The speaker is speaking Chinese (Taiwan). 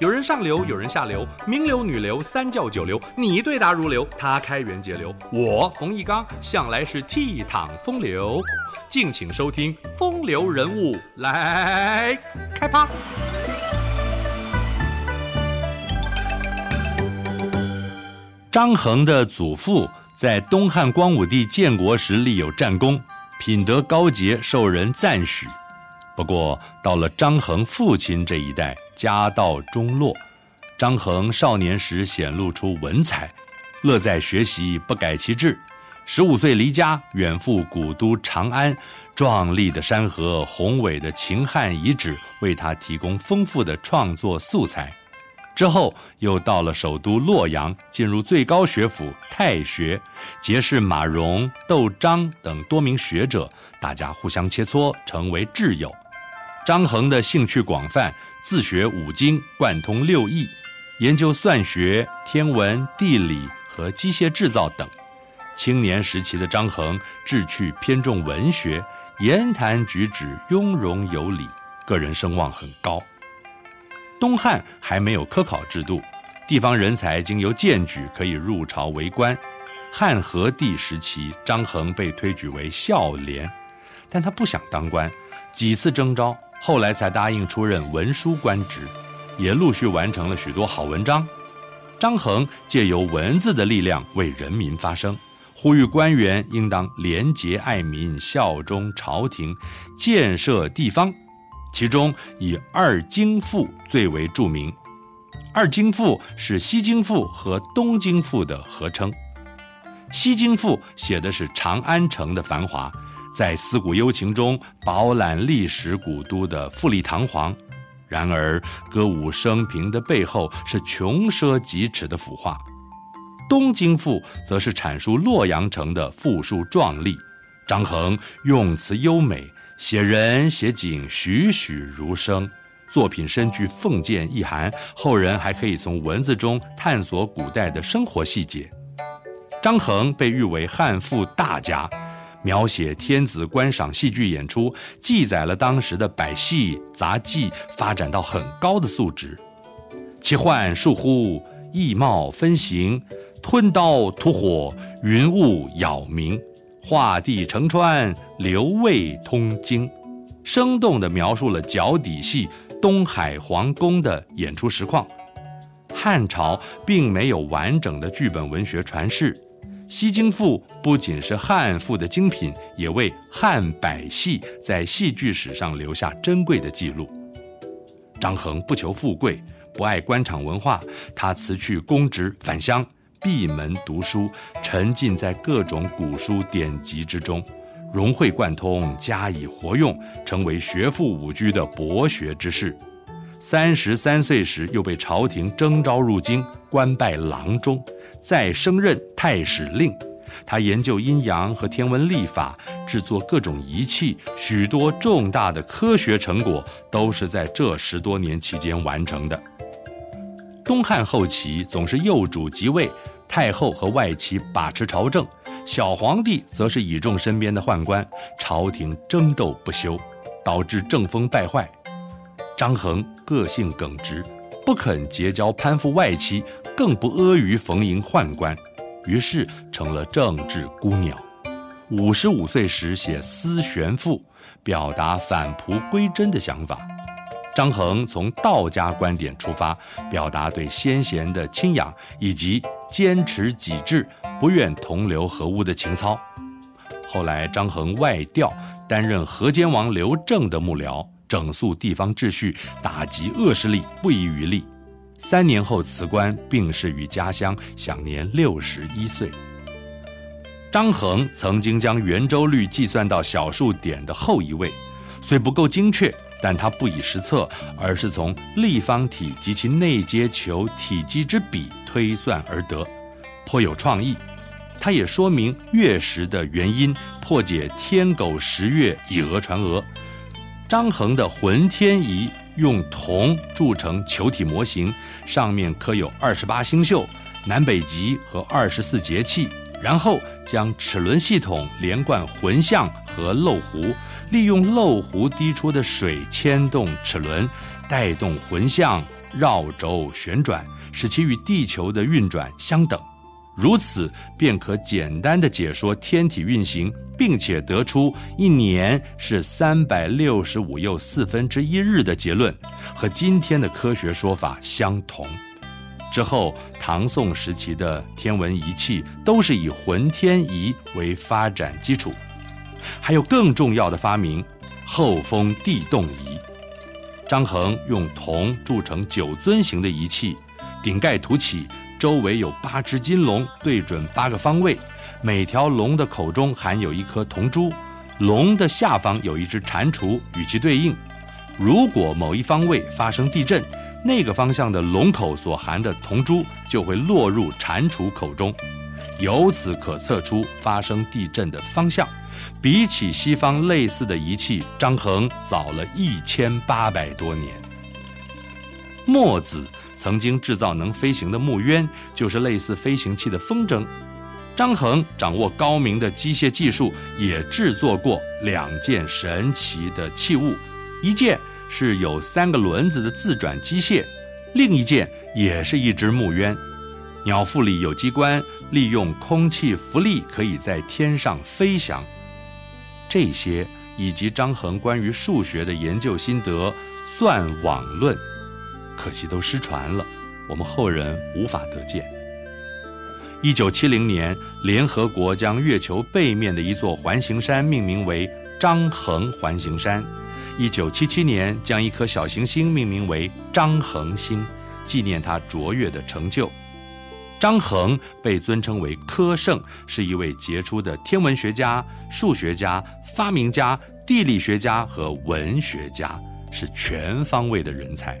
有人上流，有人下流，名流、女流、三教九流，你對答如流，他開源節流。我馮翊綱向來是倜儻風流，敬請收聽《風流人物》來開趴。張衡的祖父在東漢光武帝建國時立有戰功，品德高潔，受人讚許。不過，到了張衡父親這一代，家道中落。張衡少年時顯露出文采，樂在學習，不改其志。十五歲離家，遠赴古都長安。壯麗的山河，宏偉的秦漢遺址，為他提供豐富的創作素材。之後，又到了首都洛陽，進入最高學府太學，結識馬融、竇章等多名學者，大家互相切磋，成為摯友。張衡的興趣廣泛，自學五經，貫通六藝，研究算學、天文、地理和機械製造等。青年時期的張衡志趣偏重文學，言談舉止雍容有禮，個人聲望很高。東漢還沒有科考制度，地方人才經由薦舉可以入朝為官。漢和帝時期，張衡被推舉為孝廉，但他不想當官，幾次徵召。後來才答應出任文書官職，也陸續完成了許多好文章。張衡借由文字的力量為人民發聲，呼籲官員應當廉潔愛民、效忠朝廷、建設地方。其中以《二京賦》最為著名，《二京賦》是西京賦和東京賦的合稱。西京賦寫的是長安城的繁華。在思古幽情中，飽覽歷史古都的富麗堂皇，然而歌舞升平的背後是窮奢極侈的腐化。《東京賦》則是闡述洛陽城的富庶壯麗。張衡用詞優美，寫人寫景栩栩如生，作品深具諷諫意涵，後人還可以從文字中探索古代的生活細節。張衡被譽為漢賦大家。描寫天子觀賞戲劇演出，記載了當時的百戲雜技發展到很高的素質。奇幻倏忽，易貌分形，吞刀吐火，雲霧杳冥，畫地成川，流渭通涇，生動地描述了腳底戲東海皇宮的演出實況。漢朝並沒有完整的劇本文學傳世。《西京賦》不僅是漢賦的精品，也為漢百戲在戲劇史上留下珍貴的記錄。張衡不求富貴，不愛官場文化，他辭去公職返鄉，閉門讀書，沉浸在各種古書典籍之中，融會貫通，加以活用，成為學富五車的博學之士。三十三歲時，又被朝廷徵召入京，官拜郎中，再升任太史令。他研究陰陽和天文曆法，制作各種儀器，許多重大的科學成果都是在這十多年期間完成的。東漢後期總是幼主即位，太后和外戚把持朝政，小皇帝則是倚重身邊的宦官，朝廷爭鬥不休，導致政風敗壞。張衡個性耿直，不肯結交攀附外戚，更不阿諛逢迎宦官，於是成了政治孤鳥。五十五歲時寫《思玄賦》，表達返璞歸真的想法。張衡從道家觀點出發，表達對先賢的欽仰以及堅持己志、不願同流合汙的情操。後來，張衡外調，擔任河間王劉政的幕僚。整肅地方秩序，打擊惡勢力，不遺餘力。三年後辭官，病逝於家鄉，享年六十一歲。張衡曾經將圓周率計算到小數點的後一位，雖不夠精確，但他不以實測，而是從立方體及其內接球體積之比推算而得，頗有創意。他也說明月食的原因，破解天狗食月，以訛傳訛。張衡的渾天儀用銅鑄成球體模型，上面刻有二十八星宿、南北極和二十四節氣，然後將齒輪系統連貫渾象和漏壺，利用漏壺滴出的水牽動齒輪，帶動渾象繞軸旋轉，使其與地球的運轉相等。如此便可簡單地解說天體運行，並且得出一年是三百六十五又四分之一日的結論，和今天的科學說法相同。之後，唐宋時期的天文儀器都是以渾天儀為發展基礎，還有更重要的發明——候風地動儀。張衡用銅鑄成酒樽形的儀器，頂蓋凸起。周圍有八隻金龍，對準八個方位，每條龍的口中含有一顆銅珠，龍的下方有一隻蟾蜍與其對應。如果某一方位發生地震，那個方向的龍口所含的銅珠就會落入蟾蜍口中，由此可測出發生地震的方向。比起西方類似的儀器，張衡早了一千八百多年。墨子。曾經製造能飛行的木鳶，就是類似飛行器的風箏。張衡掌握高明的機械技術，也製作過兩件神奇的器物，一件是有三個輪子的自轉機械，另一件也是一隻木鳶，鳥腹裡有機關，利用空氣浮力可以在天上飛翔。這些以及張衡關於數學的研究心得《算罔論》。可惜都失傳了，我們後人無法得見。一九七零年，聯合國將月球背面的一座環形山命名為張衡環形山；一九七七年，將一顆小行星命名為張衡星，紀念他卓越的成就。張衡被尊稱為“科聖”，是一位傑出的天文學家、數學家、發明家、地理學家和文學家，是全方位的人才。